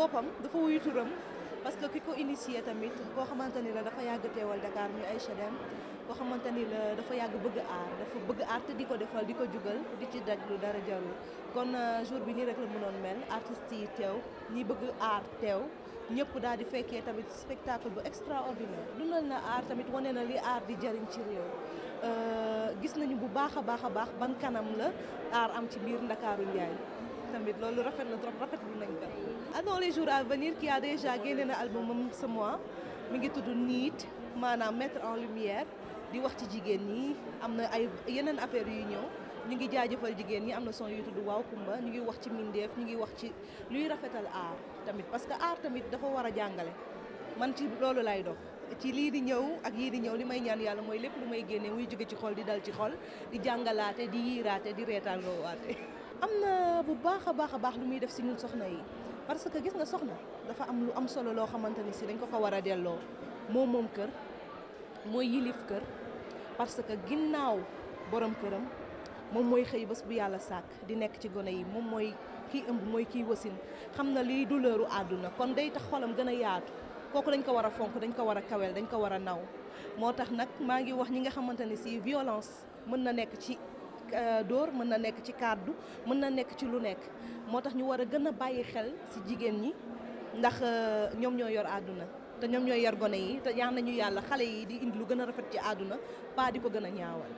boppam dafa wuyu turam parce que ki ko initié tamit koo xamante ni la dafa yàgg teewal Dakar ñu ay chedem koo xamante ni la dafa yàgg bëgg aar dafa bëgg aar te di ko defal di ko jugal di ci daj lu dara jarul kon euh, jour bi nii rek la mënoon mel artistes yi teew ñi bëgg aar teew ñëpp daal di fekkee tamit spectacle bu extraordinaire dundal na aar tamit wane na li aar di jariñ ci réew euh, baax a baax a baax ban kanam la aar am ci biir Ndakaaru Njaay tamit loolu rafet na trop rafet lu nañ ko ah les jours à venir qui a déjà génne na albumam ce mois mi ngi tudd Niit maanaam mettre en lumière di wax ci jigéen ñi am na ay yeneen affaires yu ñëw ñu ngi jaajëfal jigéen ñi am na son yu tudd waaw kumba ñu ngi wax ci mindeef ñu ngi wax ci luy rafetal aar tamit parce que aar tamit dafa war a jàngale man ci loolu lay dox ci lii di ñëw ak yii di ñëw li may ñaan yàlla mooy lépp lu may génnee muy jóge ci xol di dal ci xol di jàngalaate di yiiraate di reetaan loowaate am na bu baax a baax a baax lu muy def si ñun soxna yi parce que gis nga soxna dafa am lu am solo loo xamante ni si dañ ko ko war a delloo moom moom kër mooy yilif kër parce que ginnaaw borom këram moom mooy xëy bés bu yàlla sàkk di nekk ci gone yi moom mooy kii ëmb mooy kii wasin xam na liy douleuru àdduna kon day tax xolam gën a yaatu kooku dañ ko war a fonk dañ ko war a kawel dañ ko war a naw moo tax nag maa ngi wax ñi nga xamante ne si violence mën na nekk ci euh, dóor mën na nekk ci kàddu mën na nekk ci lu nekk moo tax ñu war a gën a bàyyi xel si jigéen ñi ndax euh, ñoom ñoo yor àdduna te ñoom ñooy yor gone yi te ñaan nañu yàlla xale yi di indi lu gën a rafet ci àdduna pas di ko gën a ñaawal